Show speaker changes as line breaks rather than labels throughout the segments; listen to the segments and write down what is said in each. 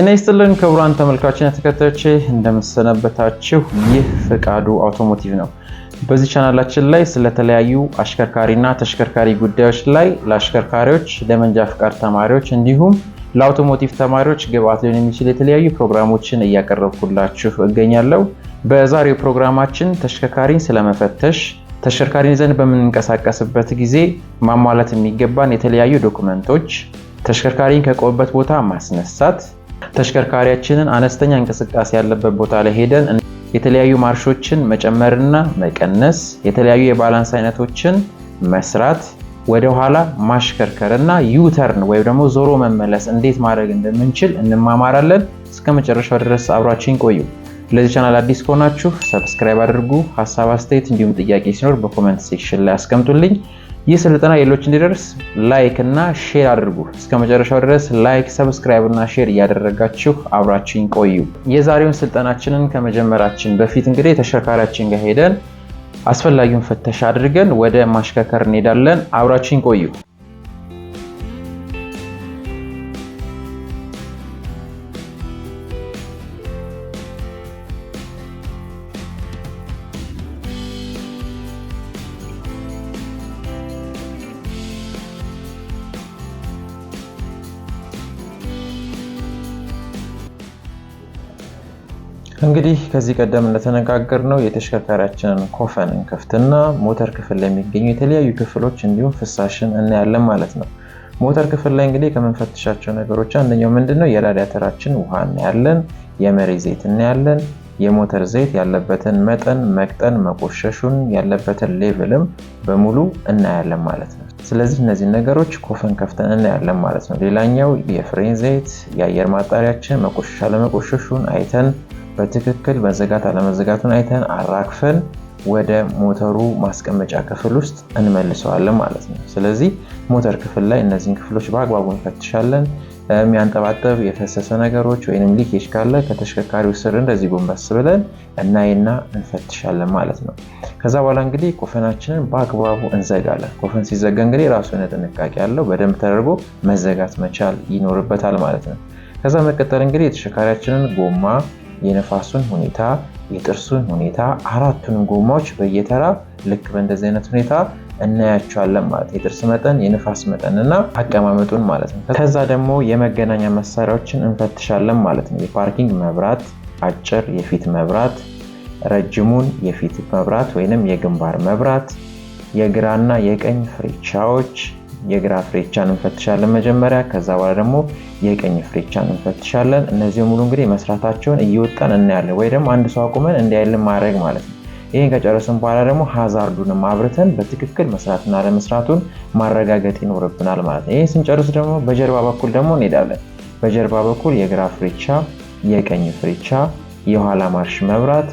ጤና ይስጥልን ክቡራን ተመልካችና ተከታዮቼ እንደምሰነበታችሁ። ይህ ፍቃዱ አውቶሞቲቭ ነው። በዚህ ቻናላችን ላይ ስለተለያዩ አሽከርካሪና ተሽከርካሪ ጉዳዮች ላይ ለአሽከርካሪዎች፣ ለመንጃ ፍቃድ ተማሪዎች እንዲሁም ለአውቶሞቲቭ ተማሪዎች ግብአት ሊሆን የሚችል የተለያዩ ፕሮግራሞችን እያቀረብኩላችሁ እገኛለሁ። በዛሬው ፕሮግራማችን ተሽከርካሪን ስለመፈተሽ ተሽከርካሪን ዘንድ በምንንቀሳቀስበት ጊዜ ማሟላት የሚገባን የተለያዩ ዶክመንቶች፣ ተሽከርካሪን ከቆበት ቦታ ማስነሳት ተሽከርካሪያችንን አነስተኛ እንቅስቃሴ ያለበት ቦታ ላይ ሄደን የተለያዩ ማርሾችን መጨመርና መቀነስ፣ የተለያዩ የባላንስ አይነቶችን መስራት፣ ወደኋላ ማሽከርከር እና ዩተርን ወይም ደግሞ ዞሮ መመለስ እንዴት ማድረግ እንደምንችል እንማማራለን። እስከ መጨረሻው ድረስ አብራችን ቆዩ። ለዚህ ቻናል አዲስ ከሆናችሁ ሰብስክራይብ አድርጉ። ሀሳብ አስተያየት፣ እንዲሁም ጥያቄ ሲኖር በኮመንት ሴክሽን ላይ አስቀምጡልኝ። ይህ ስልጠና ሌሎች እንዲደርስ ላይክ እና ሼር አድርጉ። እስከ መጨረሻው ድረስ ላይክ፣ ሰብስክራይብ እና ሼር እያደረጋችሁ አብራችን ቆዩ። የዛሬውን ስልጠናችንን ከመጀመራችን በፊት እንግዲህ ተሽከርካሪያችን ጋር ሄደን አስፈላጊውን ፍተሻ አድርገን ወደ ማሽከርከር እንሄዳለን። አብራችን ቆዩ። እንግዲህ ከዚህ ቀደም ነው የተሽከርካሪያችንን ኮፈን እንከፍትና ሞተር ክፍል ላይ የሚገኙ የተለያዩ ክፍሎች እንዲሁም ፍሳሽን እናያለን ማለት ነው። ሞተር ክፍል ላይ እንግዲህ ከምንፈትሻቸው ነገሮች አንደኛው ነው? የራዲያተራችን ውሃ እናያለን፣ የመሪ ዘይት እናያለን የሞተር ዘይት ያለበትን መጠን መቅጠን መቆሸሹን ያለበትን ሌቭልም በሙሉ እናያለን ማለት ነው። ስለዚህ እነዚህ ነገሮች ኮፈን ከፍተን እናያለን ማለት ነው። ሌላኛው የፍሬን ዘይት፣ የአየር ማጣሪያችን መቆሸሽ አለመቆሸሹን አይተን በትክክል መዘጋት አለመዘጋቱን አይተን አራክፈን ወደ ሞተሩ ማስቀመጫ ክፍል ውስጥ እንመልሰዋለን ማለት ነው። ስለዚህ ሞተር ክፍል ላይ እነዚህን ክፍሎች በአግባቡ እንፈትሻለን። የሚያንጠባጠብ የፈሰሰ ነገሮች ወይም ሊኬጅ ካለ ከተሽከርካሪው ስር እንደዚህ ጎንበስ ብለን እናይና እንፈትሻለን ማለት ነው። ከዛ በኋላ እንግዲህ ኮፈናችንን በአግባቡ እንዘጋለን። ኮፈን ሲዘጋ እንግዲህ ራሱ የሆነ ጥንቃቄ ያለው በደንብ ተደርጎ መዘጋት መቻል ይኖርበታል ማለት ነው። ከዛ መቀጠል እንግዲህ የተሽከርካሪያችንን ጎማ የነፋሱን ሁኔታ፣ የጥርሱን ሁኔታ፣ አራቱን ጎማዎች በየተራ ልክ በእንደዚህ አይነት ሁኔታ እናያቸዋለን ማለት የጥርስ መጠን፣ የንፋስ መጠን እና አቀማመጡን ማለት ነው። ከዛ ደግሞ የመገናኛ መሳሪያዎችን እንፈትሻለን ማለት ነው። የፓርኪንግ መብራት፣ አጭር የፊት መብራት፣ ረጅሙን የፊት መብራት ወይንም የግንባር መብራት፣ የግራና የቀኝ ፍሬቻዎች የግራ ፍሬቻን እንፈትሻለን መጀመሪያ። ከዛ በኋላ ደግሞ የቀኝ ፍሬቻን እንፈትሻለን። እነዚህ ሙሉ እንግዲህ መስራታቸውን እየወጣን እናያለን፣ ወይ ደግሞ አንድ ሰው አቁመን እንዲያይልን ማድረግ ማለት ነው። ይህን ከጨረስን በኋላ ደግሞ ሀዛርዱንም አብርተን በትክክል መስራትና ለመስራቱን ማረጋገጥ ይኖርብናል ማለት ነው። ይህ ስንጨርስ ደግሞ በጀርባ በኩል ደግሞ እንሄዳለን። በጀርባ በኩል የግራ ፍሬቻ፣ የቀኝ ፍሬቻ፣ የኋላ ማርሽ መብራት፣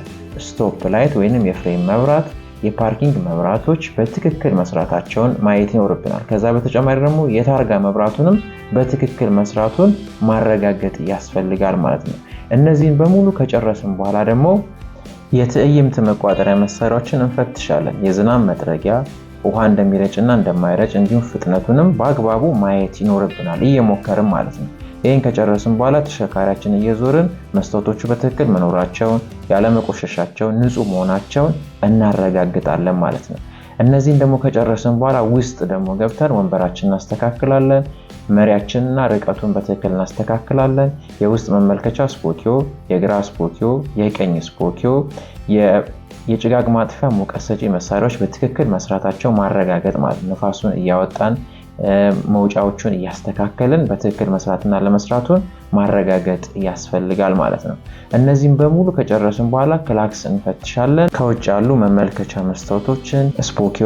ስቶፕ ላይት ወይንም የፍሬም መብራት የፓርኪንግ መብራቶች በትክክል መስራታቸውን ማየት ይኖርብናል። ከዛ በተጨማሪ ደግሞ የታርጋ መብራቱንም በትክክል መስራቱን ማረጋገጥ ያስፈልጋል ማለት ነው። እነዚህን በሙሉ ከጨረስን በኋላ ደግሞ የትዕይምት መቆጣጠሪያ መሳሪያዎችን እንፈትሻለን። የዝናብ መጥረጊያ ውሃ እንደሚረጭና እንደማይረጭ እንዲሁም ፍጥነቱንም በአግባቡ ማየት ይኖርብናል እየሞከርም ማለት ነው። ይህን ከጨረስን በኋላ ተሽከርካሪያችን እየዞርን መስታወቶቹ በትክክል መኖራቸውን ያለመቆሸሻቸውን፣ ንጹህ መሆናቸውን እናረጋግጣለን ማለት ነው። እነዚህን ደግሞ ከጨረስን በኋላ ውስጥ ደግሞ ገብተን ወንበራችን እናስተካክላለን። መሪያችንና ርቀቱን በትክክል እናስተካክላለን። የውስጥ መመልከቻ ስፖኪዮ፣ የግራ ስፖኪዮ፣ የቀኝ ስፖኪዮ፣ የጭጋግ ማጥፊያ ሙቀት ሰጪ መሳሪያዎች በትክክል መስራታቸው ማረጋገጥ ማለት ነፋሱን እያወጣን መውጫዎቹን እያስተካከልን በትክክል መስራትና ለመስራቱን ማረጋገጥ ያስፈልጋል ማለት ነው። እነዚህም በሙሉ ከጨረስን በኋላ ክላክስ እንፈትሻለን። ከውጭ ያሉ መመልከቻ መስታወቶችን፣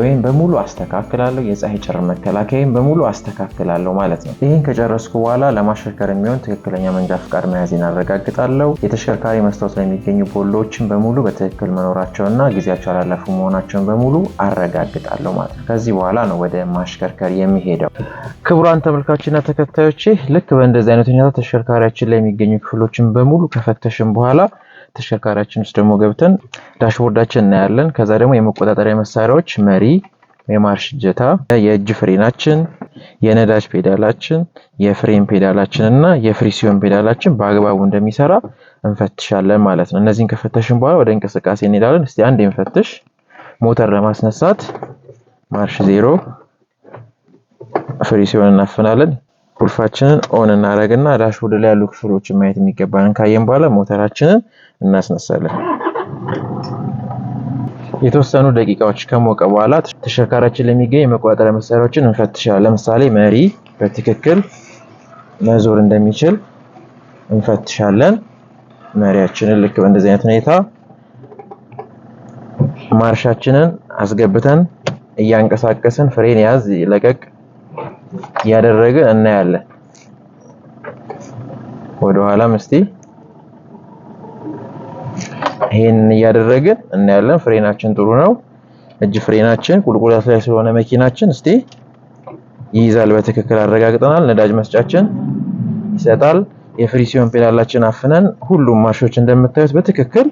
ወይም በሙሉ አስተካክላለሁ። የፀሐይ ጨር መከላከያም በሙሉ አስተካክላለሁ ማለት ነው። ይህን ከጨረስኩ በኋላ ለማሽከርከር የሚሆን ትክክለኛ መንጃ ፍቃድ መያዜን አረጋግጣለሁ። የተሽከርካሪ መስታወት ላይ የሚገኙ ቦሎዎችን በሙሉ በትክክል መኖራቸውና ጊዜያቸው አላለፉ መሆናቸውን በሙሉ አረጋግጣለሁ ማለት ነው። ከዚህ በኋላ ነው ወደ ማሽከርከር የሚሄደው። ክቡራን ተመልካችና ተከታዮች ልክ በእንደዚህ አይነት ሁኔታ ተሽከርካሪ ተሽከርካሪያችን ላይ የሚገኙ ክፍሎችን በሙሉ ከፈተሽን በኋላ ተሽከርካሪያችን ውስጥ ደግሞ ገብተን ዳሽቦርዳችን እናያለን። ከዛ ደግሞ የመቆጣጠሪያ መሳሪያዎች መሪ፣ የማርሽ እጀታ፣ የእጅ ፍሬናችን፣ የነዳጅ ፔዳላችን፣ የፍሬን ፔዳላችን እና የፍሪሲዮን ፔዳላችን በአግባቡ እንደሚሰራ እንፈትሻለን ማለት ነው። እነዚህን ከፈተሽን በኋላ ወደ እንቅስቃሴ እንሄዳለን። እስቲ አንድ እንፈትሽ። ሞተር ለማስነሳት ማርሽ ዜሮ፣ ፍሪሲዮን እናፍናለን። ቁልፋችንን ኦን እናደርግና ዳሽቦርድ ላይ ያሉ ክፍሎችን ማየት የሚገባንን ካየን በኋላ ሞተራችንን እናስነሳለን። የተወሰኑ ደቂቃዎች ከሞቀ በኋላ ተሽከርካሪያችን ለሚገኝ የመቆጣጠሪያ መሳሪያዎችን እንፈትሻለን። ለምሳሌ መሪ በትክክል መዞር እንደሚችል እንፈትሻለን። መሪያችንን ልክ በእንደዚህ አይነት ሁኔታ ማርሻችንን አስገብተን እያንቀሳቀስን ፍሬን ያዝ፣ ለቀቅ እያደረግን እናያለን። ወደኋላም እስቲ ይሄንን እያደረግን እናያለን። ፍሬናችን ጥሩ ነው። እጅ ፍሬናችን ቁልቁለት ላይ ስለሆነ መኪናችን እስቲ ይይዛል በትክክል አረጋግጠናል። ነዳጅ መስጫችን ይሰጣል። የፍሪሲዮን ፔዳላችን አፍነን ሁሉም ማርሾች እንደምታዩት በትክክል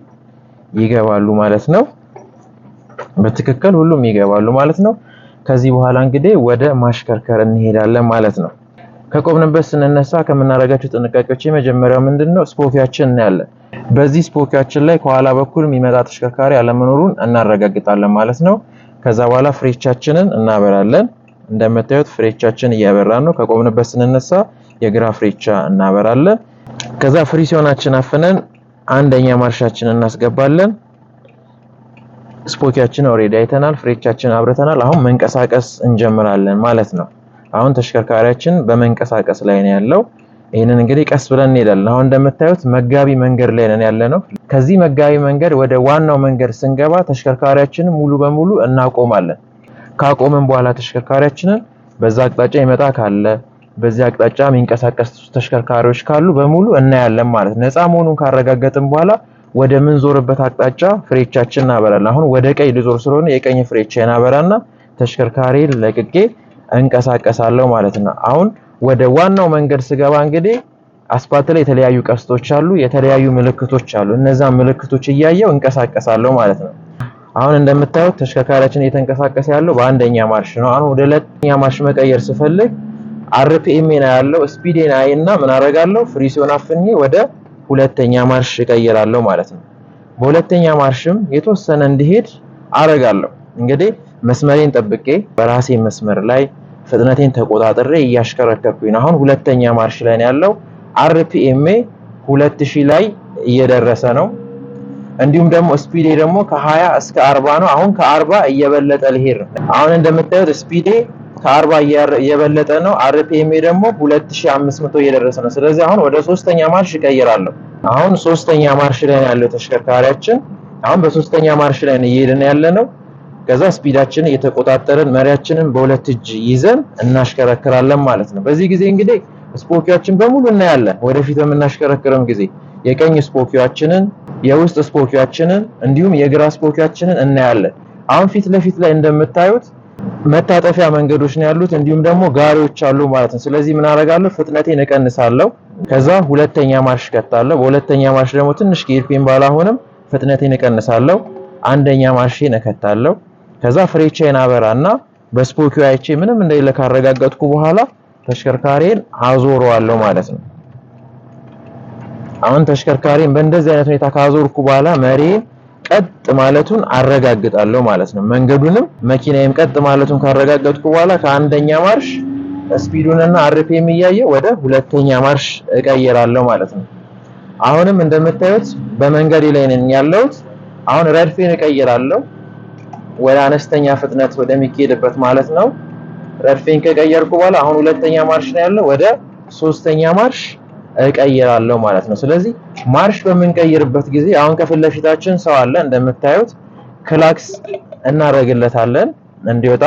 ይገባሉ ማለት ነው። በትክክል ሁሉም ይገባሉ ማለት ነው። ከዚህ በኋላ እንግዲህ ወደ ማሽከርከር እንሄዳለን ማለት ነው። ከቆምንበት ስንነሳ ከምናደርጋቸው ጥንቃቄዎች የመጀመሪያው ምንድነው? ስፖኪያችን እናያለን። በዚህ ስፖኪያችን ላይ ከኋላ በኩል የሚመጣ ተሽከርካሪ አለመኖሩን እናረጋግጣለን ማለት ነው። ከዛ በኋላ ፍሬቻችንን እናበራለን። እንደምታዩት ፍሬቻችን እያበራ ነው። ከቆምንበት ስንነሳ የግራ ፍሬቻ እናበራለን። ከዛ ፍሪ ሲሆናችን አፍነን አንደኛ ማርሻችን እናስገባለን። ስፖኪያችን ኦሬዲ አይተናል። ፍሬቻችን አብረተናል። አሁን መንቀሳቀስ እንጀምራለን ማለት ነው። አሁን ተሽከርካሪያችን በመንቀሳቀስ ላይ ነው ያለው። ይህንን እንግዲህ ቀስ ብለን እንሄዳለን። አሁን እንደምታዩት መጋቢ መንገድ ላይ ነን ያለ ነው። ከዚህ መጋቢ መንገድ ወደ ዋናው መንገድ ስንገባ ተሽከርካሪያችን ሙሉ በሙሉ እናቆማለን። ካቆምን በኋላ ተሽከርካሪያችንን በዛ አቅጣጫ ይመጣ ካለ በዚህ አቅጣጫ የሚንቀሳቀሱ ተሽከርካሪዎች ካሉ በሙሉ እናያለን ማለት ነፃ መሆኑን ካረጋገጥን በኋላ ወደ ዞርበት አቅጣጫ ፍሬቻችን እናበራለን። አሁን ወደ ቀኝ ልዞር ስለሆነ የቀኝ ፍሬቻ እናበራና ተሽከርካሪ ለቅቄ እንቀሳቀሳለሁ ማለት ነው። አሁን ወደ ዋናው መንገድ ስገባ እንግዲህ አስፓልት ላይ የተለያዩ ቀስቶች አሉ፣ የተለያዩ ምልክቶች አሉ። እነዛ ምልክቶች እያየው እንቀሳቀሳለሁ ማለት ነው። አሁን እንደምታዩት ተሽከርካሪያችን እየተንቀሳቀሰ ያለው በአንደኛ ማርሽ ነው። አሁን ወደ ሁለተኛ ማርሽ መቀየር ስፈልግ አርፒኤም ያለው ስፒድ እና ምን አደርጋለሁ? ፍሪ ሲሆን አፍኜ ወደ ሁለተኛ ማርሽ እቀይራለሁ ማለት ነው። በሁለተኛ ማርሽም የተወሰነ እንዲሄድ አረጋለሁ። እንግዲህ መስመሬን ጠብቄ በራሴ መስመር ላይ ፍጥነቴን ተቆጣጥሬ እያሽከረከርኩኝ አሁን ሁለተኛ ማርሽ ላይ ያለው አርፒኤም 2000 ላይ እየደረሰ ነው። እንዲሁም ደግሞ ስፒዴ ደግሞ ከ20 እስከ 40 ነው። አሁን ከ40 እየበለጠ ልሄድ ነው። አሁን እንደምታዩት ስፒዴ ከአርባ እየበለጠ ነው። አርፒኤም ደግሞ 2500 እየደረሰ ነው። ስለዚህ አሁን ወደ ሶስተኛ ማርሽ እቀይራለሁ። አሁን ሶስተኛ ማርሽ ላይ ያለው ተሽከርካሪያችን አሁን በሶስተኛ ማርሽ ላይ ነው እየሄድን ያለ ነው። ከዛ ስፒዳችንን እየተቆጣጠርን መሪያችንን በሁለት እጅ ይዘን እናሽከረክራለን ማለት ነው። በዚህ ጊዜ እንግዲህ ስፖኪያችን በሙሉ እናያለን። ወደፊት በምናሽከረክርም ጊዜ የቀኝ ስፖኪያችንን፣ የውስጥ ስፖኪያችንን እንዲሁም የግራ ስፖኪያችንን እናያለን። አሁን ፊት ለፊት ላይ እንደምታዩት መታጠፊያ መንገዶች ነው ያሉት፣ እንዲሁም ደግሞ ጋሪዎች አሉ ማለት ነው። ስለዚህ ምን አደርጋለሁ? ፍጥነቴን እቀንሳለሁ። ከዛ ሁለተኛ ማርሽ እከታለሁ። በሁለተኛ ማርሽ ደግሞ ትንሽ ከሄድኩኝ ባላሆንም ፍጥነቴን እቀንሳለሁ። አንደኛ ማርሽን እከታለሁ። ከዛ ፍሬቻዬን አበራና በስፖኪ አይቼ ምንም እንደሌለ ካረጋገጥኩ በኋላ ተሽከርካሪን አዞረዋለሁ ማለት ነው። አሁን ተሽከርካሪን በእንደዚህ አይነት ሁኔታ ካዞርኩ በኋላ መሬን ቀጥ ማለቱን አረጋግጣለሁ ማለት ነው። መንገዱንም መኪናዬም ቀጥ ማለቱን ካረጋገጥኩ በኋላ ከአንደኛ ማርሽ ስፒዱን እና አርፒኤም እያየ ወደ ሁለተኛ ማርሽ እቀይራለሁ ማለት ነው። አሁንም እንደምታዩት በመንገዴ ላይ ነኝ ያለሁት። አሁን ረድፌን እቀይራለሁ ወደ አነስተኛ ፍጥነት ወደሚኬድበት ማለት ነው። ረድፌን ከቀየርኩ በኋላ አሁን ሁለተኛ ማርሽ ነው ያለው። ወደ ሶስተኛ ማርሽ እቀይራለሁ ማለት ነው። ስለዚህ ማርሽ በምንቀይርበት ጊዜ አሁን ከፊት ለፊታችን ሰው አለ እንደምታዩት ክላክስ እናደርግለታለን እንዲወጣ።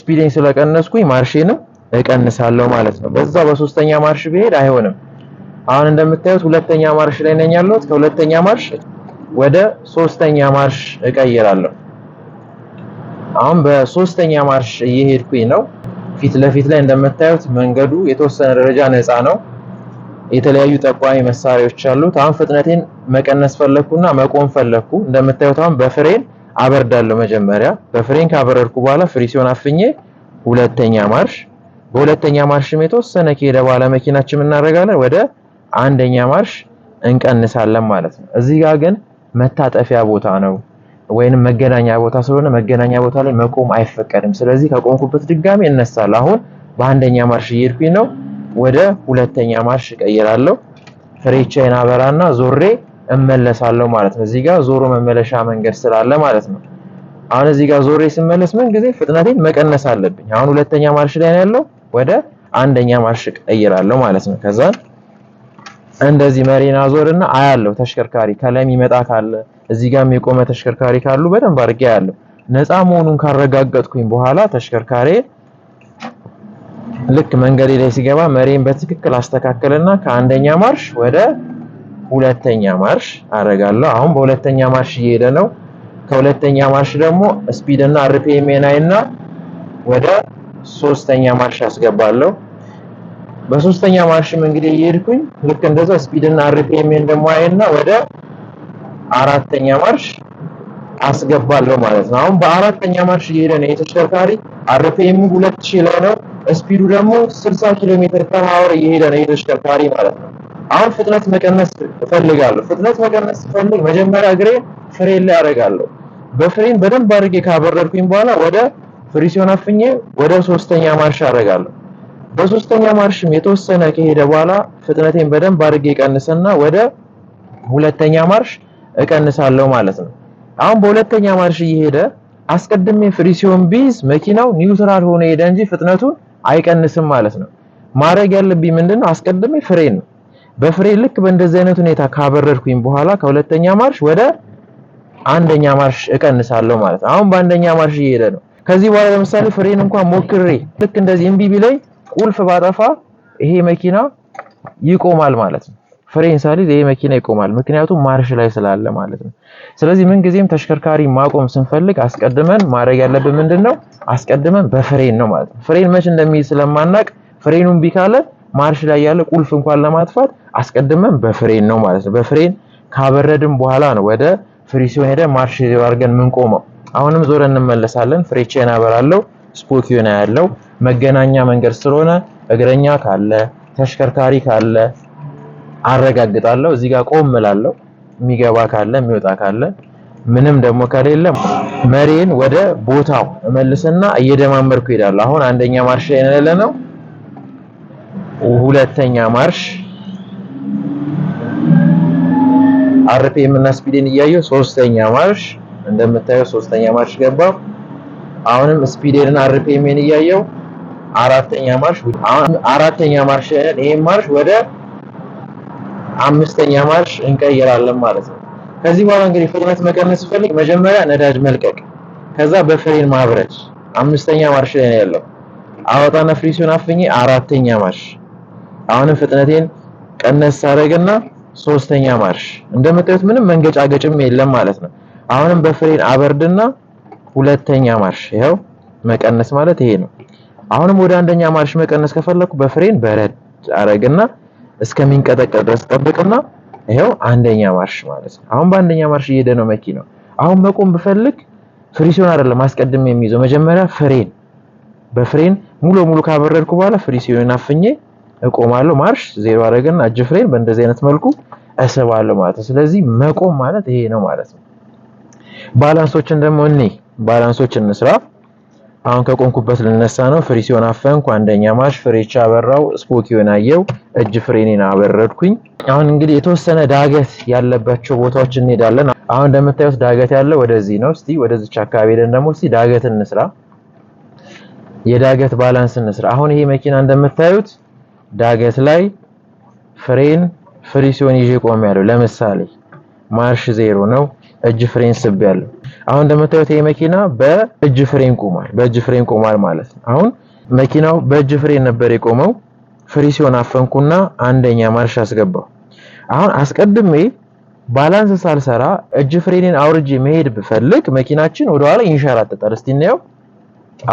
ስፒዲን ስለቀነስኩኝ ማርሽንም እቀንሳለሁ ማለት ነው። በዛ በሶስተኛ ማርሽ ብሄድ አይሆንም። አሁን እንደምታዩት ሁለተኛ ማርሽ ላይ ነኝ ያለሁት። ከሁለተኛ ማርሽ ወደ ሶስተኛ ማርሽ እቀይራለሁ። አሁን በሶስተኛ ማርሽ እየሄድኩኝ ነው። ፊት ለፊት ላይ እንደምታዩት መንገዱ የተወሰነ ደረጃ ነፃ ነው። የተለያዩ ጠቋሚ መሳሪያዎች አሉት። አሁን ፍጥነቴን መቀነስ ፈለኩና መቆም ፈለኩ። እንደምታዩት አሁን በፍሬን አበርዳለሁ። መጀመሪያ በፍሬን ካበረድኩ በኋላ ፍሪ ሲሆን አፍኜ ሁለተኛ ማርሽ፣ በሁለተኛ ማርሽ የተወሰነ ከሄደ በኋላ መኪናችን የምናደርጋለን ወደ አንደኛ ማርሽ እንቀንሳለን ማለት ነው። እዚህ ጋር ግን መታጠፊያ ቦታ ነው ወይንም መገናኛ ቦታ ስለሆነ መገናኛ ቦታ ላይ መቆም አይፈቀድም። ስለዚህ ከቆምኩበት ድጋሚ እነሳለሁ። አሁን በአንደኛ ማርሽ እየሄድኩኝ ነው። ወደ ሁለተኛ ማርሽ እቀይራለሁ። ፍሬቻዬን አበራና ዞሬ እመለሳለሁ ማለት ነው። እዚህ ጋር ዞሮ መመለሻ መንገድ ስላለ ማለት ነው። አሁን እዚህ ጋር ዞሬ ስመለስ ምን ጊዜ ፍጥነቴን መቀነስ አለብኝ። አሁን ሁለተኛ ማርሽ ላይ ነው ያለው፣ ወደ አንደኛ ማርሽ እቀይራለሁ ማለት ነው። ከዛ እንደዚህ መሪና ዞርና አያለሁ። ተሽከርካሪ ከላይ የሚመጣ ካለ እዚህ ጋር የቆመ ተሽከርካሪ ካሉ በደንብ አድርጌ አያለሁ። ነፃ መሆኑን ካረጋገጥኩኝ በኋላ ተሽከርካሪ ልክ መንገዴ ላይ ሲገባ መሪን በትክክል አስተካከልና ከአንደኛ ማርሽ ወደ ሁለተኛ ማርሽ አደርጋለሁ። አሁን በሁለተኛ ማርሽ እየሄደ ነው። ከሁለተኛ ማርሽ ደግሞ ስፒድ እና አርፒኤም እና ወደ ሶስተኛ ማርሽ አስገባለሁ። በሶስተኛ ማርሽም እንግዲህ እየሄድኩኝ ልክ እንደዛ ስፒድ እና አርፒኤም ደግሞ አይና ወደ አራተኛ ማርሽ አስገባለሁ ማለት ነው። አሁን በአራተኛ ማርሽ እየሄደ ነው የተሽከርካሪ አርፒኤም 2000 ላይ ነው። ስፒዱ ደግሞ 60 ኪሎ ሜትር ፐር አወር እየሄደ ነው የተሽከርካሪ ማለት ነው። አሁን ፍጥነት መቀነስ እፈልጋለሁ። ፍጥነት መቀነስ ስፈልግ መጀመሪያ እግሬ ፍሬን ላይ አደርጋለሁ። በፍሬን በደንብ አድርጌ ካበረድኩኝ በኋላ ወደ ፍሪሲዮን አፍኜ ወደ ሶስተኛ ማርሽ አደርጋለሁ። በሶስተኛ ማርሽም የተወሰነ ከሄደ በኋላ ፍጥነቴን በደንብ አድርጌ ቀንሰና ወደ ሁለተኛ ማርሽ እቀንሳለሁ ማለት ነው። አሁን በሁለተኛ ማርሽ እየሄደ አስቀድሜ ፍሪሲዮን ቢዝ መኪናው ኒውትራል ሆኖ ሄደ እንጂ ፍጥነቱን አይቀንስም ማለት ነው። ማድረግ ያለብኝ ምንድነው? አስቀድሜ ፍሬን ነው። በፍሬ ልክ በእንደዚህ አይነት ሁኔታ ካበረድኩኝ በኋላ ከሁለተኛ ማርሽ ወደ አንደኛ ማርሽ እቀንሳለሁ ማለት ነው። አሁን በአንደኛ ማርሽ እየሄደ ነው። ከዚህ በኋላ ለምሳሌ ፍሬን እንኳን ሞክሬ ልክ እንደዚህ እምቢ ቢለኝ ቁልፍ ባጠፋ ይሄ መኪና ይቆማል ማለት ነው። ፍሬን ሳሊዝ ይሄ መኪና ይቆማል። ምክንያቱም ማርሽ ላይ ስላለ ማለት ነው። ስለዚህ ጊዜም ተሽከርካሪ ማቆም ስንፈልግ አስቀድመን ማድረግ ያለብን ምንድን ነው? አስቀድመን በፍሬን ነው ማለት ነው። ፍሬን መች እንደሚይዝ ስለማናቅ ፍሬኑን ቢካለ ማርሽ ላይ ያለ ቁልፍ እንኳን ለማጥፋት አስቀድመን በፍሬን ነው ማለት ነው። በፍሬን ካበረድን በኋላ ነው ወደ ፍሪ ሲሆን ሄደ ማርሽ አድርገን ምንቆመው። አሁንም ዞረ እንመለሳለን። ፍሬ ቼን ስፖክ ዩና ያለው መገናኛ መንገድ ስለሆነ እግረኛ ካለ ተሽከርካሪ ካለ አረጋግጣለሁ። እዚህ ጋር ቆም እላለሁ። የሚገባ ካለ የሚወጣ ካለ ምንም ደግሞ ከሌለ መሪን ወደ ቦታው እመልስና እየደማመርኩ እሄዳለሁ። አሁን አንደኛ ማርሽ የነለ ነው። ሁለተኛ ማርሽ አርፒኤም እና ስፒድን እያየሁ ሶስተኛ ማርሽ እንደምታየው ሶስተኛ ማርሽ ገባሁ። አሁንም ስፒድን አርፒኤምን እያየሁ አራተኛ ማርሽ አሁን አራተኛ ማርሽ ይሄን ማርሽ ወደ አምስተኛ ማርሽ እንቀይራለን ማለት ነው። ከዚህ በኋላ እንግዲህ ፍጥነት መቀነስ ስፈልግ መጀመሪያ ነዳጅ መልቀቅ፣ ከዛ በፍሬን ማብረድ። አምስተኛ ማርሽ ላይ ነው ያለው። አወጣና ሲሆን አፍኜ አራተኛ ማርሽ። አሁንም ፍጥነቴን ቀነስ አደረግና ሶስተኛ ማርሽ። እንደምታዩት ምንም መንገጫገጭም የለም ማለት ነው። አሁንም በፍሬን አበርድና ሁለተኛ ማርሽ። ይኸው መቀነስ ማለት ይሄ ነው። አሁንም ወደ አንደኛ ማርሽ መቀነስ ከፈለኩ በፍሬን በረድ አረግና እስከሚንቀጠቀጥ ድረስ ጠብቅና ይሄው አንደኛ ማርሽ ማለት ነው። አሁን በአንደኛ ማርሽ እየሄደ ነው መኪናው። አሁን መቆም ብፈልግ ፍሪሲዮን አይደለም አስቀድም የሚይዘው መጀመሪያ ፍሬን፣ በፍሬን ሙሉ ሙሉ ካበረድኩ በኋላ ፍሪሲዮን አፍኜ እቆማለሁ። ማርሽ ዜሮ አደረግና እጅ ፍሬን በእንደዚህ አይነት መልኩ እስባለሁ ማለት ነው። ስለዚህ መቆም ማለት ይሄ ነው ማለት ነው። ባላንሶችን ደግሞ እኔ ባላንሶችን እንስራ። አሁን ከቆምኩበት ልነሳ ነው። ፍሪ ሲሆን አፈንኩ። አንደኛ ማርሽ ፍሬቻ አበራው። ይሆን አየው። እጅ ፍሬኔን አበረድኩኝ። አሁን እንግዲህ የተወሰነ ዳገት ያለባቸው ቦታዎች እንሄዳለን። አሁን እንደምታዩት ዳገት ያለው ወደዚህ ነው። እስቲ ወደዚች አካባቢ ሄደን ደግሞ እስቲ ዳገት እንስራ፣ የዳገት ባላንስ እንስራ። አሁን ይሄ መኪና እንደምታዩት ዳገት ላይ ፍሬን ፍሪ ሲሆን ይዤ ያለው ለምሳሌ ማርሽ ዜሮ ነው። እጅ ፍሬን ስቤያለሁ። አሁን እንደምታዩት ይሄ መኪና በእጅ ፍሬን ቆሟል። በእጅ ፍሬን ቆሟል ማለት ነው። አሁን መኪናው በእጅ ፍሬን ነበር የቆመው። ፍሪ ሲሆን አፈንኩና አንደኛ ማርሽ አስገባው። አሁን አስቀድሜ ባላንስ ሳልሰራ እጅ ፍሬንን አውርጄ መሄድ ብፈልግ መኪናችን ወደኋላ ይንሸራተታል። እስቲ እናየው።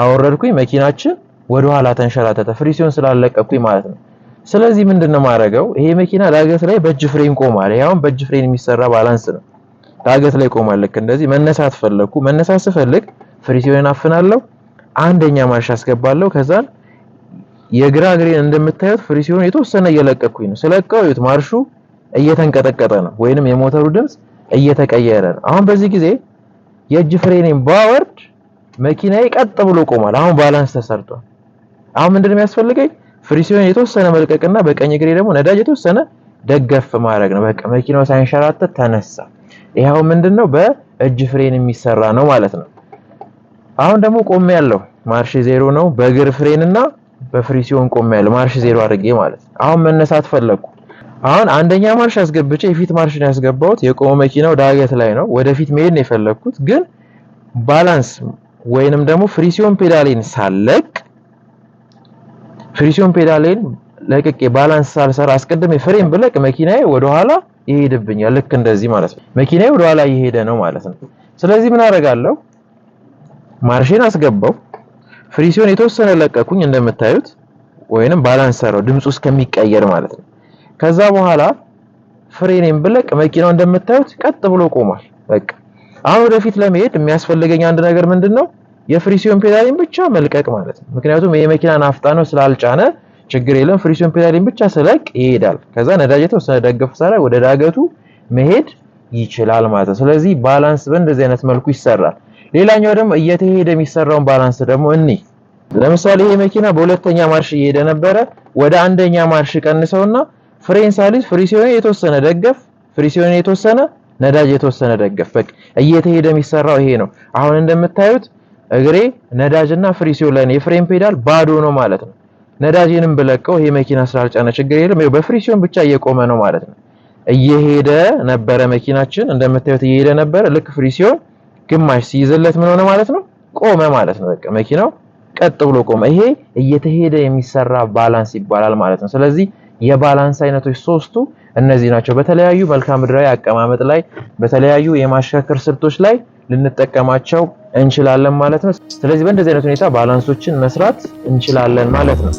አወረድኩኝ፣ መኪናችን ወደኋላ ተንሸራተተ። ፍሪ ሲሆን ስላለቀኩኝ ማለት ነው። ስለዚህ ምንድነው ማድረገው? ይሄ መኪና ዳገት ላይ በእጅ ፍሬን ቆሟል። ያው በእጅ ፍሬን የሚሰራ ባላንስ ነው። ዳገት ላይ ቆማል። ልክ እንደዚህ መነሳት ፈለኩ። መነሳት ስፈልግ ፍሪ ሲሆን አፍናለሁ፣ አንደኛ ማርሽ አስገባለሁ። ከዛን የግራ እግሬን እንደምታዩት ፍሪ ሲሆን የተወሰነ እየለቀኩኝ ነው። ስለቀው ይሁት ማርሹ እየተንቀጠቀጠ ነው፣ ወይንም የሞተሩ ድምፅ እየተቀየረ ነው። አሁን በዚህ ጊዜ የእጅ ፍሬኔን ባወርድ መኪናዬ ቀጥ ብሎ ቆሟል። አሁን ባላንስ ተሰርቷል። አሁን ምንድን ነው የሚያስፈልገኝ? ፍሪ ሲሆን የተወሰነ መልቀቅና በቀኝ እግሬ ደግሞ ነዳጅ የተወሰነ ደገፍ ማድረግ ነው። በቃ መኪናው ሳይንሸራተት ተነሳ። ይኸው ምንድነው በእጅ ፍሬን የሚሰራ ነው ማለት ነው። አሁን ደግሞ ቆሜ ያለው ማርሽ ዜሮ ነው። በእግር ፍሬን እና በፍሪ ሲሆን ቆሜ ያለው ማርሽ ዜሮ አድርጌ ማለት ነው። አሁን መነሳት ፈለግኩ። አሁን አንደኛ ማርሽ አስገብቼ የፊት ማርሽን ነው ያስገባሁት። የቆመ መኪናው ዳገት ላይ ነው፣ ወደፊት መሄድ ነው የፈለግኩት። ግን ባላንስ ወይንም ደግሞ ፍሪሲዮን ሲሆን ፔዳሌን ሳለቅ ፍሪሲዮን ሲሆን ፔዳሌን ለቅቄ ባላንስ ሳልሰራ አስቀድሜ ፍሬን ብለቅ መኪናዬ ወደኋላ ይሄድብኛል። ልክ እንደዚህ ማለት ነው። መኪናዬ ወደኋላ እየሄደ ነው ማለት ነው። ስለዚህ ምን አደርጋለሁ? ማርሽን አስገባው፣ ፍሪሲዮን የተወሰነ ለቀኩኝ እንደምታዩት፣ ወይንም ባላንስ ሰራው ድምፁ እስከሚቀየር ማለት ነው። ከዛ በኋላ ፍሬኔን ብለቅ መኪናው እንደምታዩት ቀጥ ብሎ ቆሟል። በቃ አሁን ወደፊት ለመሄድ የሚያስፈልገኝ አንድ ነገር ምንድን ነው? የፍሪሲዮን ፔዳሊን ብቻ መልቀቅ ማለት ነው። ምክንያቱም ይሄ መኪና ናፍጣ ነው ስላልጫነ ችግር የለም። ፍሪሽን ፔዳሊን ብቻ ስለቅ ይሄዳል። ከዛ ነዳጅ የተወሰነ ደገፍ ሳላ ወደ ዳገቱ መሄድ ይችላል ማለት ነው። ስለዚህ ባላንስ በእንደዚህ አይነት መልኩ ይሰራል። ሌላኛው ደግሞ እየተሄደ የሚሰራውን ባላንስ ደግሞ እኒ ለምሳሌ ይሄ መኪና በሁለተኛ ማርሽ እየሄደ ነበረ። ወደ አንደኛ ማርሽ ቀንሰውና ፍሬን ፍሪ ፍሪሲዮን የተወሰነ ደገፍ፣ ፍሪሲዮን የተወሰነ ነዳጅ የተወሰነ ደገፍ። በቃ እየተሄደ የሚሰራው ይሄ ነው። አሁን እንደምታዩት እግሬ ነዳጅና ፍሪሲዮን ላይ የፍሬን ፔዳል ባዶ ነው ማለት ነው። ነዳጅንም ብለቀው ይሄ መኪና ስላልጫነ ችግር የለም። ይኸው በፍሪ ሲሆን ብቻ እየቆመ ነው ማለት ነው። እየሄደ ነበረ መኪናችን እንደምታዩት እየሄደ ነበረ። ልክ ፍሪ ሲሆን ግማሽ ሲይዝለት ምን ሆነ ማለት ነው ቆመ ማለት ነው። በቃ መኪናው ቀጥ ብሎ ቆመ። ይሄ እየተሄደ የሚሰራ ባላንስ ይባላል ማለት ነው። ስለዚህ የባላንስ አይነቶች ሶስቱ እነዚህ ናቸው። በተለያዩ መልክዓ ምድራዊ አቀማመጥ ላይ በተለያዩ የማሽከርከር ስልቶች ላይ ልንጠቀማቸው እንችላለን ማለት ነው። ስለዚህ በእንደዚህ አይነት ሁኔታ ባላንሶችን መስራት እንችላለን ማለት ነው።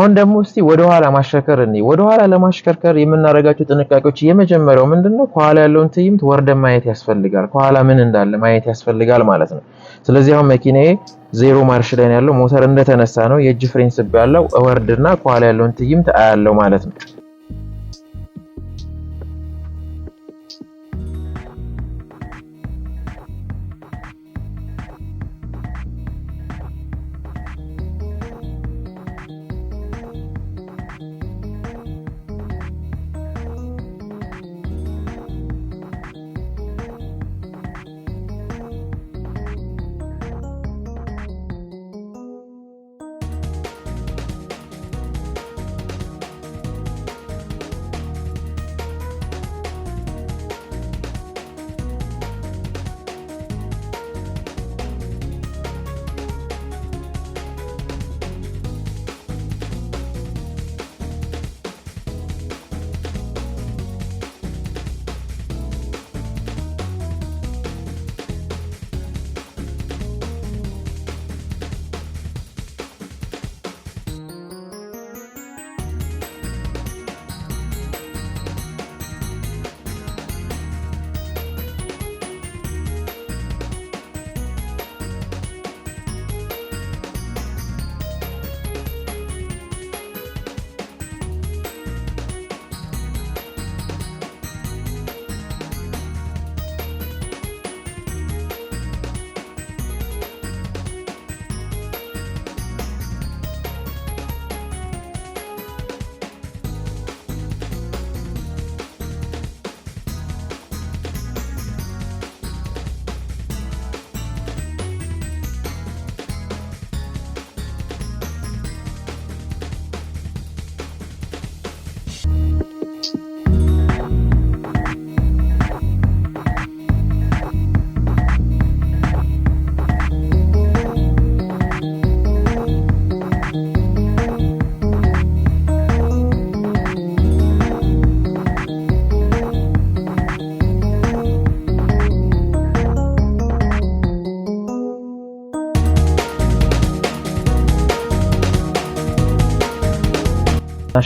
አሁን ደግሞ እስቲ ወደ ኋላ ማሽከርከር እኔ ወደ ኋላ ለማሽከርከር የምናደርጋቸው ጥንቃቄዎች የመጀመሪያው ምንድነው? ከኋላ ያለውን ትዕይንት ወርደን ማየት ያስፈልጋል። ከኋላ ምን እንዳለ ማየት ያስፈልጋል ማለት ነው። ስለዚህ አሁን መኪናዬ ዜሮ ማርሽ ላይ ያለው ሞተር እንደተነሳ ነው። የእጅ ፍሬን ስብ ያለው እወርድና ከኋላ ያለውን ትዕይንት አያለው ማለት ነው።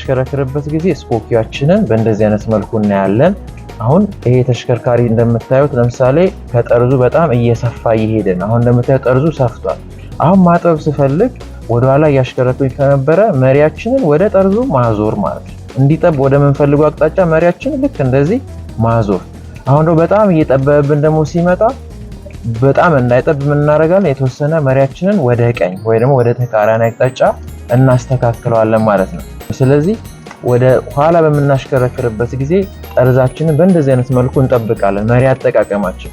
በምናሽከረክርበት ጊዜ ስፖኪያችንን በእንደዚህ አይነት መልኩ እናያለን። አሁን ይሄ ተሽከርካሪ እንደምታዩት ለምሳሌ ከጠርዙ በጣም እየሰፋ እየሄደ ነው። አሁን እንደምታዩት ጠርዙ ሰፍቷል። አሁን ማጥበብ ስፈልግ ወደኋላ እያሽከረኩኝ ከነበረ መሪያችንን ወደ ጠርዙ ማዞር ማለት ነው። እንዲጠብ ወደ አቅጣጫ መሪያችን ልክ እንደዚህ ማዞር። አሁን ደግሞ በጣም እየጠበበብን ደግሞ ሲመጣ በጣም እንዳይጠብ የምናደርጋለን። የተወሰነ መሪያችንን ወደ ቀኝ ወይ ደግሞ ወደ ተቃራኒ አቅጣጫ እናስተካክለዋለን ማለት ነው። ስለዚህ ወደ ኋላ በምናሽከረክርበት ጊዜ ጠርዛችንን በእንደዚህ አይነት መልኩ እንጠብቃለን። መሪ አጠቃቀማችን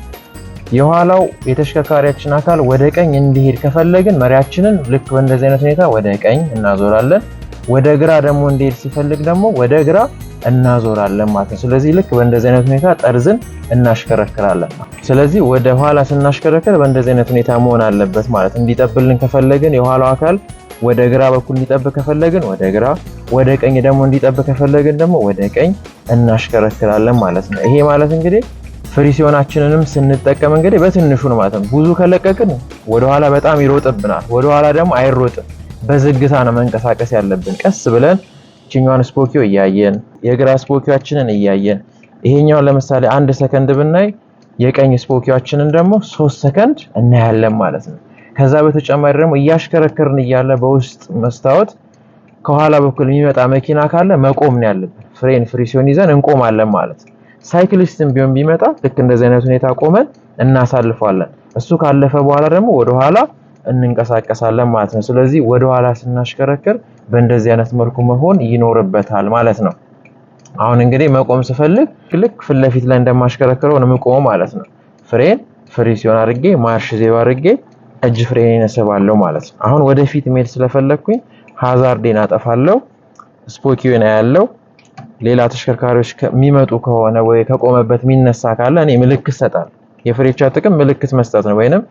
የኋላው የተሽከርካሪያችን አካል ወደ ቀኝ እንዲሄድ ከፈለግን መሪያችንን ልክ በእንደዚህ አይነት ሁኔታ ወደ ቀኝ እናዞራለን። ወደ ግራ ደግሞ እንዲሄድ ሲፈልግ ደግሞ ወደ ግራ እናዞራለን ማለት ነው። ስለዚህ ልክ በእንደዚህ አይነት ሁኔታ ጠርዝን እናሽከረክራለን። ስለዚህ ወደ ኋላ ስናሽከረክር በእንደዚህ አይነት ሁኔታ መሆን አለበት ማለት እንዲጠብልን ከፈለግን የኋላው አካል ወደ ግራ በኩል እንዲጠብ ከፈለግን ወደ ግራ፣ ወደ ቀኝ ደግሞ እንዲጠብ ከፈለግን ደግሞ ወደ ቀኝ እናሽከረክራለን ማለት ነው። ይሄ ማለት እንግዲህ ፍሪ ሲሆናችንንም ስንጠቀም እንግዲህ በትንሹ ነው ማለት ነው። ብዙ ከለቀቅን ወደኋላ በጣም ይሮጥብናል። ወደኋላ ደግሞ አይሮጥም። በዝግታ ነው መንቀሳቀስ ያለብን። ቀስ ብለን ችኛዋን ስፖኪዮ እያየን የግራ ስፖኪያችንን እያየን ይሄኛውን ለምሳሌ አንድ ሰከንድ ብናይ የቀኝ ስፖኪያችንን ደግሞ ሶስት ሰከንድ እናያለን ማለት ነው። ከዛ በተጨማሪ ደግሞ እያሽከረከርን እያለ በውስጥ መስታወት ከኋላ በኩል የሚመጣ መኪና ካለ መቆም ነው ያለብን። ፍሬን ፍሪ ሲሆን ይዘን እንቆማለን ማለት ነው። ሳይክሊስትም ቢሆን ቢመጣ ልክ እንደዚህ አይነት ሁኔታ ቆመን እናሳልፈዋለን። እሱ ካለፈ በኋላ ደግሞ ወደኋላ እንንቀሳቀሳለን ማለት ነው። ስለዚህ ወደኋላ ስናሽከረክር በእንደዚህ አይነት መልኩ መሆን ይኖርበታል ማለት ነው። አሁን እንግዲህ መቆም ስፈልግ ልክ ፊት ለፊት ላይ እንደማሽከረክረው ነው የምቆመው ማለት ነው። ፍሬን ፍሪ ሲሆን አድርጌ ማርሽ ዜባ አድርጌ እጅ ፍሬን እስባለሁ ማለት ነው። አሁን ወደፊት ሜል ስለፈለግኩኝ ሃዛርዴን አጠፋለሁ፣ ስፖኪውን አያለው። ሌላ ተሽከርካሪዎች የሚመጡ ከሆነ ወይ ከቆመበት የሚነሳ ካለ እኔ ምልክት እሰጣለሁ። የፍሬቻ ጥቅም ምልክት መስጠት ነው፣ ወይንም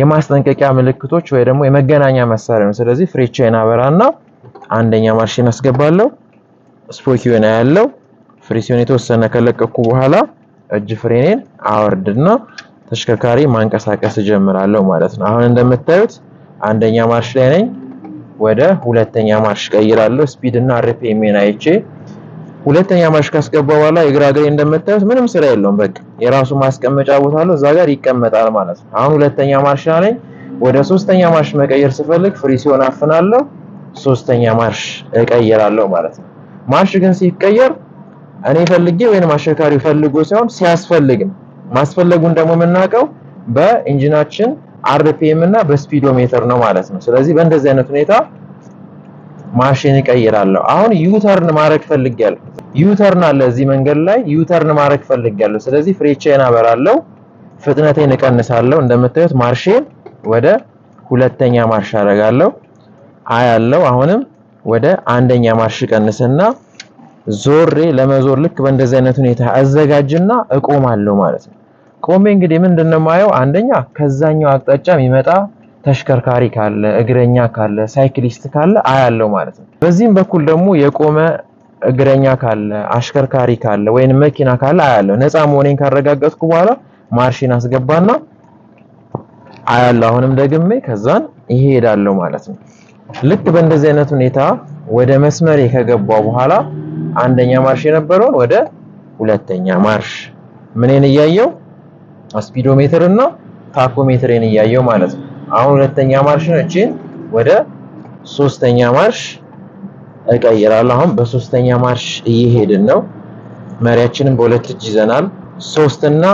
የማስጠንቀቂያ ምልክቶች ወይ ደግሞ የመገናኛ መሳሪያ ነው። ስለዚህ ፍሬቻዬን አበራና አንደኛ ማርሽን አስገባለሁ፣ ስፖኪውን አያለው። ፍሬሲዮን የተወሰነ ከለቀኩ በኋላ እጅ ፍሬኔን አወርድና ተሽከርካሪ ማንቀሳቀስ እጀምራለሁ ማለት ነው። አሁን እንደምታዩት አንደኛ ማርሽ ላይ ነኝ። ወደ ሁለተኛ ማርሽ ቀይራለሁ። ስፒድ እና አርፒኤም አይቼ ሁለተኛ ማርሽ ካስገባ በኋላ የግራ እግሬ እንደምታዩት ምንም ስራ የለውም። በቃ የራሱ ማስቀመጫ ቦታ አለው፣ እዛ ጋር ይቀመጣል ማለት ነው። አሁን ሁለተኛ ማርሽ ላይ ወደ ሶስተኛ ማርሽ መቀየር ስፈልግ ፍሪ ሲሆን አፍናለሁ፣ ሶስተኛ ማርሽ እቀይራለሁ ማለት ነው። ማርሽ ግን ሲቀየር እኔ ፈልጌ ወይም አሽከርካሪው ፈልጎ ሳይሆን ሲያስፈልግም ማስፈለጉን ደግሞ የምናውቀው በኢንጂናችን አርፒኤም እና በስፒዶሜትር ነው ማለት ነው። ስለዚህ በእንደዚህ አይነት ሁኔታ ማሽን ይቀይራለሁ። አሁን ዩተርን ማድረግ ፈልጊያለሁ። ዩተርን አለ እዚህ መንገድ ላይ ዩተርን ማድረግ ፈልጊያለሁ። ስለዚህ ፍሬቼን አበራለሁ፣ ፍጥነቴን እቀንሳለሁ። እንደምታዩት ማርሼን ወደ ሁለተኛ ማርሽ አደርጋለሁ። አያለው አሁንም ወደ አንደኛ ማርሽ ቀንስና ዞሬ ለመዞር ልክ በእንደዚህ አይነት ሁኔታ አዘጋጅና እቆማለሁ ማለት ነው። ቆሜ እንግዲህ ምንድን ነው የማየው አንደኛ ከዛኛው አቅጣጫ የሚመጣ ተሽከርካሪ ካለ እግረኛ ካለ ሳይክሊስት ካለ አያለው ማለት ነው። በዚህም በኩል ደግሞ የቆመ እግረኛ ካለ አሽከርካሪ ካለ ወይም መኪና ካለ አያለው። ነፃ መሆኔን ካረጋገጥኩ በኋላ ማርሽን አስገባና አያለው። አሁንም ደግሜ ከዛን ይሄዳለው ማለት ነው። ልክ በእንደዚህ አይነት ሁኔታ ወደ መስመሬ ከገባ በኋላ አንደኛ ማርሽ የነበረውን ወደ ሁለተኛ ማርሽ ምንን እያየው ስፒዶሜትር እና ታኮሜትርን እያየው ማለት ነው። አሁን ሁለተኛ ማርሽ ነው፣ እቺን ወደ ሶስተኛ ማርሽ እቀይራለሁ። አሁን በሶስተኛ ማርሽ እየሄድን ነው። መሪያችንን በሁለት እጅ ይዘናል። ሶስት እና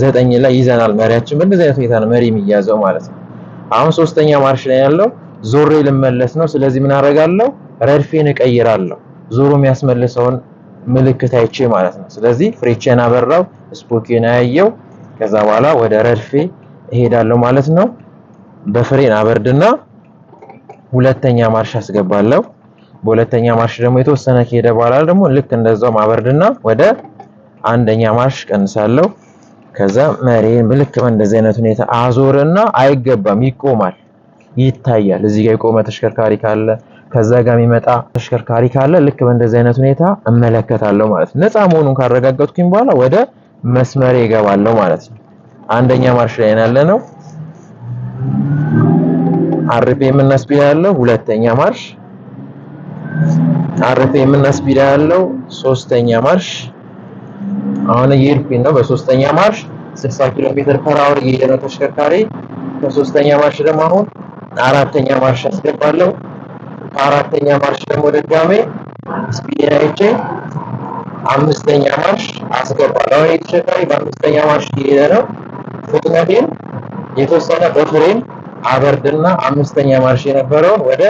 ዘጠኝ ላይ ይዘናል። መሪያችን በእንደዚህ አይነት ሁኔታ ነው መሪ የሚያዘው ማለት ነው። አሁን ሶስተኛ ማርሽ ላይ ያለው ዞሬ ልመለስ ነው። ስለዚህ ምን አደርጋለሁ? ረድፌን እቀይራለሁ። ዞሮ የሚያስመልሰውን ምልክት አይቼ ማለት ነው። ስለዚህ ፍሬቼን አበራው፣ ስፖኬን አያየው ከዛ በኋላ ወደ ረድፌ እሄዳለሁ ማለት ነው። በፍሬን አበርድና ሁለተኛ ማርሽ አስገባለሁ። በሁለተኛ ማርሽ ደግሞ የተወሰነ ከሄደ በኋላ ደግሞ ልክ እንደዛው ማበርድና ወደ አንደኛ ማርሽ ቀንሳለሁ። ከዛ መሬን ልክ እንደዚህ አይነት ሁኔታ አዞርና አይገባም፣ ይቆማል፣ ይታያል። እዚህ ጋር የቆመ ተሽከርካሪ ካለ ከዛ ጋር የሚመጣ ተሽከርካሪ ካለ ልክ በእንደዚህ አይነት ሁኔታ እመለከታለሁ ማለት ነው። ነፃ መሆኑን ካረጋገጥኩኝ በኋላ ወደ መስመሬ እገባለሁ ማለት ነው። አንደኛ ማርሽ ላይ ያለ ነው አርፒኤም እና ስፒድ ያለው ሁለተኛ ማርሽ፣ አርፒኤም እና ስፒድ ያለው ሶስተኛ ማርሽ። አሁን እየሄድኩኝ ነው። በሶስተኛ ማርሽ 60 ኪሎ ሜትር ፐር አወር እየሄደ ነው ተሽከርካሪ። በሶስተኛ ማርሽ ደግሞ አሁን አራተኛ ማርሽ አስገባለሁ። አራተኛ ማርሽ ደግሞ ድጋሜ ስፒድ አይቼ አምስተኛ ማርሽ አስገባል። አሁን የተሸካሪ በአምስተኛ ማርሽ እየሄደ ነው። ፍጥነቴን የተወሰነ በፍሬን አበርድና አምስተኛ ማርሽ የነበረውን ወደ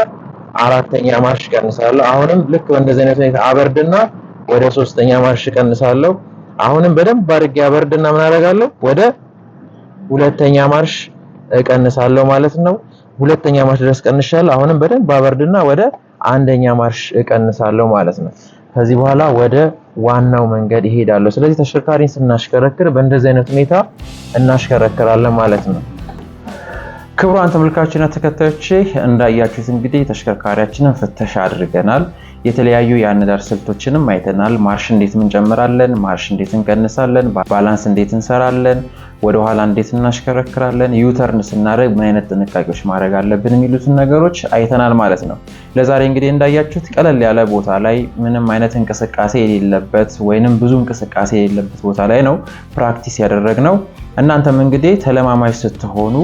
አራተኛ ማርሽ ቀንሳለሁ። አሁንም ልክ በእንደዚህ አይነት ሁኔታ አበርድና ወደ ሶስተኛ ማርሽ ቀንሳለሁ። አሁንም በደንብ አድርጌ አበርድና ምን አደርጋለሁ ወደ ሁለተኛ ማርሽ እቀንሳለሁ ማለት ነው። ሁለተኛ ማርሽ ድረስ ቀንሻለሁ። አሁንም በደንብ አበርድና ወደ አንደኛ ማርሽ እቀንሳለሁ ማለት ነው። ከዚህ በኋላ ወደ ዋናው መንገድ ይሄዳለሁ። ስለዚህ ተሽከርካሪን ስናሽከረክር በእንደዚህ አይነት ሁኔታ እናሽከረክራለን ማለት ነው። ክቡራን ተመልካቾችና ተከታዮቼ እንዳያችሁት እንግዲህ ተሽከርካሪያችንን ፍተሻ አድርገናል። የተለያዩ የአነዳድ ስልቶችንም አይተናል። ማርሽ እንዴት እንጨምራለን፣ ማርሽ እንዴት እንቀንሳለን፣ ባላንስ እንዴት እንሰራለን፣ ወደኋላ እንዴት እናሽከረክራለን፣ ዩተርን ስናደርግ ምን አይነት ጥንቃቄዎች ማድረግ አለብን የሚሉትን ነገሮች አይተናል ማለት ነው። ለዛሬ እንግዲህ እንዳያችሁት ቀለል ያለ ቦታ ላይ ምንም አይነት እንቅስቃሴ የሌለበት ወይንም ብዙ እንቅስቃሴ የሌለበት ቦታ ላይ ነው ፕራክቲስ ያደረግነው። እናንተም እንግዲህ ተለማማጅ ስትሆኑ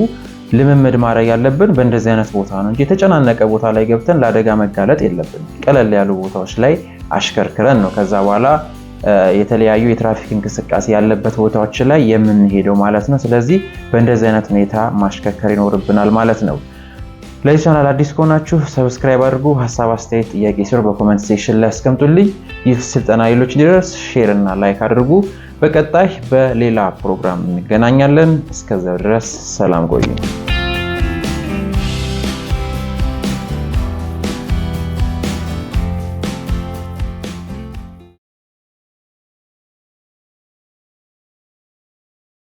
ልምምድ ማድረግ ያለብን በእንደዚህ አይነት ቦታ ነው እንጂ የተጨናነቀ ቦታ ላይ ገብተን ለአደጋ መጋለጥ የለብን። ቀለል ያሉ ቦታዎች ላይ አሽከርክረን ነው ከዛ በኋላ የተለያዩ የትራፊክ እንቅስቃሴ ያለበት ቦታዎች ላይ የምንሄደው ማለት ነው። ስለዚህ በእንደዚህ አይነት ሁኔታ ማሽከርከር ይኖርብናል ማለት ነው። ለዚህ ቻናል አዲስ ከሆናችሁ ሰብስክራይብ አድርጉ። ሀሳብ፣ አስተያየት፣ ጥያቄ ሲኖር በኮመንት ሴክሽን ላይ አስቀምጡልኝ። ይህ ስልጠና ሌሎች እንዲደርስ ሼር እና ላይክ አድርጉ። በቀጣይ በሌላ ፕሮግራም እንገናኛለን። እስከዛ ድረስ ሰላም ቆዩ።